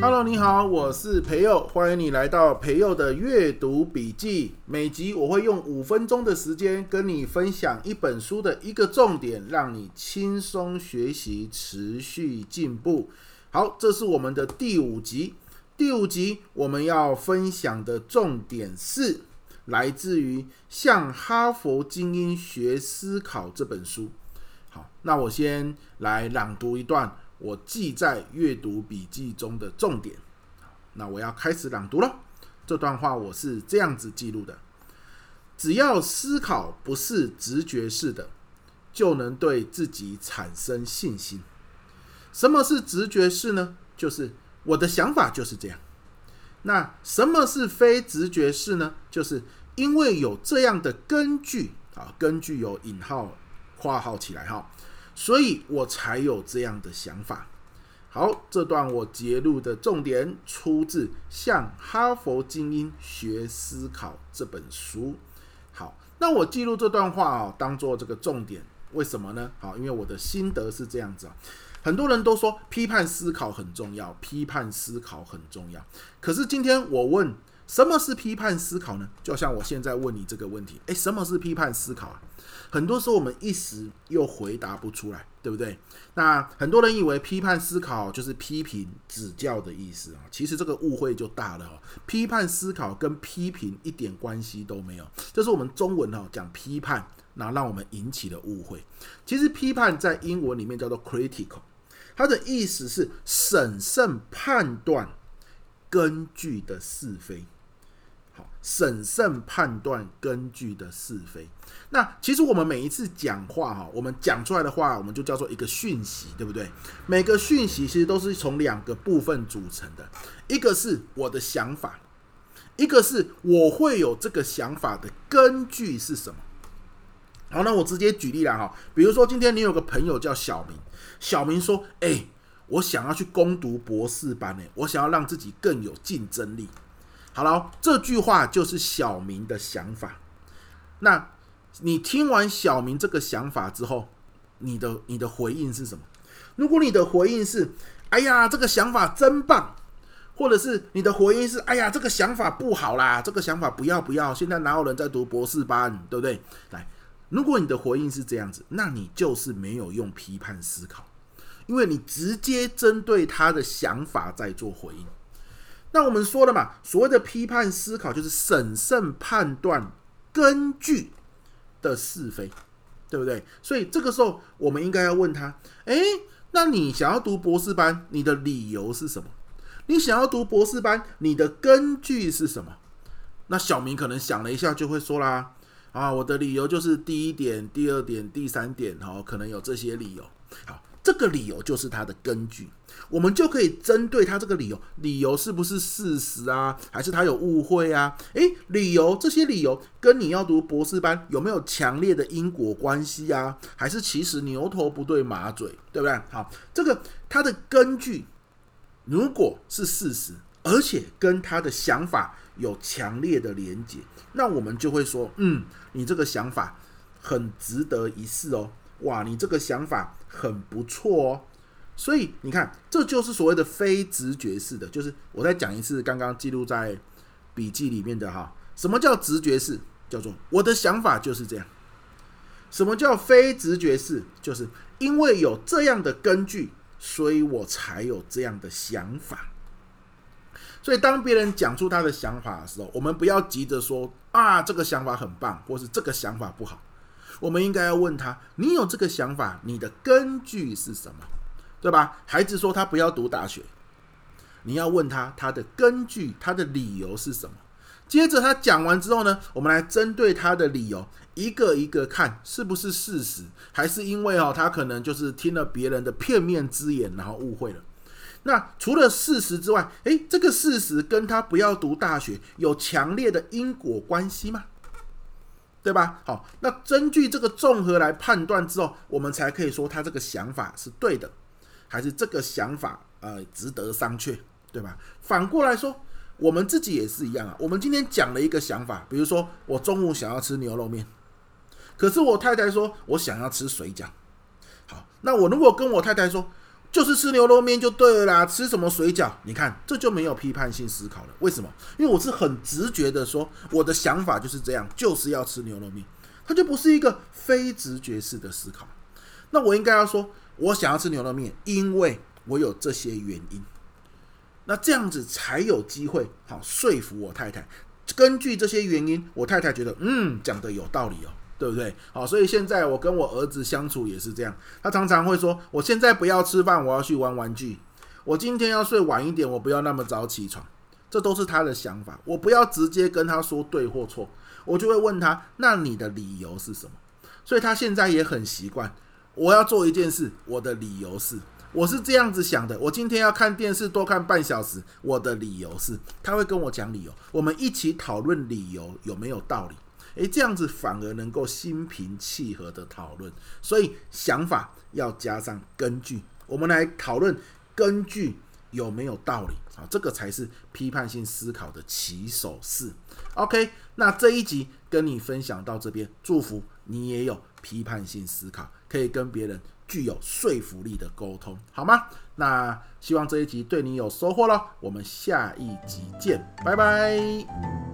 Hello，你好，我是培祐，歡迎你來到培祐的閱讀筆記。每集我會用五分鐘的時間跟你分享一本書的一個重點，讓你輕鬆學習，持續進步。好，這是我們的第五集。第五集我們要分享的重點是來自於《向哈佛菁英學思考》這本書。好，那我先來朗讀一段我記在閱讀筆記中的重點。那我要開始朗讀了。這段話我是這樣子記錄的：只要思考不是直覺式的，就能對自己產生信心。什麼是直覺式呢？就是。我的想法就是這樣。那什麼是非直覺式呢？就是因為有這樣的根據啊，根據有引號括號起來哈，所以我才有這樣的想法。好，這段我記錄的重點出自《向哈佛精英學思考》這本書。好，那我記錄這段話啊，當做這個重點。為什麼呢？好，因為我的心得是這樣子啊。很多人都說批判思考很重要，批判思考很重要。可是今天我問，什麼是批判思考呢？就像我現在問你這個問題，誒，什麼是批判思考啊？很多時候我們一時又回答不出來，對不對？那很多人以為批判思考就是批評指教的意思啊，其實這個誤會就大了。批判思考跟批評一點關係都沒有，這是我們中文哈講批判，那讓我們引起的誤會。其實批判在英文裡面叫做 critical。他的意思是審慎判斷根據的是非，好，審慎判斷根據的是非。那其實我們每一次講話哈，我們講出來的話，我們就叫做一個訊息，對不對？每個訊息其實都是從兩個部分組成的，一個是我的想法，一個是我會有這個想法的根據是什麼？好，那我直接舉例了哈。比如說，今天你有個朋友叫小明，小明說：“誒，我想要去攻讀博士班，誒，我想要讓自己更有競爭力。”好了，這句話就是小明的想法。那你聽完小明這個想法之後，你的你的回應是什麼？如果你的回應是“哎呀，這個想法真棒”，或者是你的回應是“哎呀，這個想法不好啦，這個想法不要不要，現在哪有人在讀博士班，對不對？”來。如果你的回應是這樣子，那你就是沒有用批判思考，因為你直接針對他的想法在做回應。那我們說了嘛，所謂的批判思考就是審慎判斷根據的是非，對不對？所以這個時候我們應該要問他，誒，那你想要讀博士班，你的理由是什麼？你想要讀博士班，你的根據是什麼？那小明可能想了一下就會說啦。啊，我的理由就是第一點、第二點、第三點哦，可能有這些理由。好，這個理由就是它的根據，我們就可以針對他這個理由，理由是不是事實啊？還是他有誤會啊？誒，理由，這些理由跟你要讀博士班有沒有強烈的因果關係啊？還是其實牛頭不對馬嘴，對不對？好，這個它的根據如果是事實。而且跟他的想法有強烈的連接。那我們就會說，嗯，你這個想法很值得一試哦，哇，你這個想法很不錯哦。所以你看，這就是所謂的非直覺式的，就是我再講一次剛剛記錄在筆記裡面的哈，什麼叫直覺式？叫做我的想法就是這樣。什麼叫非直覺式？就是因為有這樣的根據，所以我才有這樣的想法。所以，當別人講出他的想法的時候，我們不要急着說啊，這個想法很棒，或是這個想法不好。我們應該要問他：你有這個想法，你的根據是什麼？對吧？孩子說他不要讀大學，你要問他他的根據、他的理由是什麼。接着他講完之後呢，我們來針對他的理由一個一個看，是不是事實，還是因為哦，他可能就是聽了別人的片面之言，然後誤會了。那除了事實之外，哎，這個事實跟他不要讀大學有強烈的因果關係嗎？對吧？好，那根據這個綜合來判斷之後，我們才可以說他這個想法是對的，還是這個想法呃值得商榷，對吧？反過來說，我們自己也是一樣啊。我們今天講了一個想法，比如說我中午想要吃牛肉麵，可是我太太說我想要吃水餃。好，那我如果跟我太太說，就是吃牛肉麵就對了啦，吃什麼水餃？你看，這就沒有批判性思考了。為什麼？因為我是很直覺的說，我的想法就是這樣，就是要吃牛肉麵，它就不是一個非直覺式的思考。那我應該要說，我想要吃牛肉麵，因為我有這些原因。那這樣子才有機會好說服我太太。根據這些原因，我太太覺得，嗯，講的有道理哦。對不對？好，所以現在我跟我兒子相處也是這樣。他常常會說：“我現在不要吃飯，我要去玩玩具。我今天要睡晚一點，我不要那麼早起床。”這都是他的想法。我不要直接跟他說對或錯，我就會問他：“那你的理由是什麼？”所以他現在也很習慣。我要做一件事，我的理由是，我是這樣子想的。我今天要看電視多看半小時，我的理由是。他會跟我講理由，我們一起討論理由有沒有道理。誒，這樣子反而能夠心平氣和的討論，所以想法要加上根據，我們來討論根據有沒有道理啊，這個才是批判性思考的起手式。OK，那這一集跟你分享到這邊，祝福你也有批判性思考，可以跟別人具有說服力的溝通，好嗎？那希望這一集對你有收穫咯，我們下一集見，拜拜。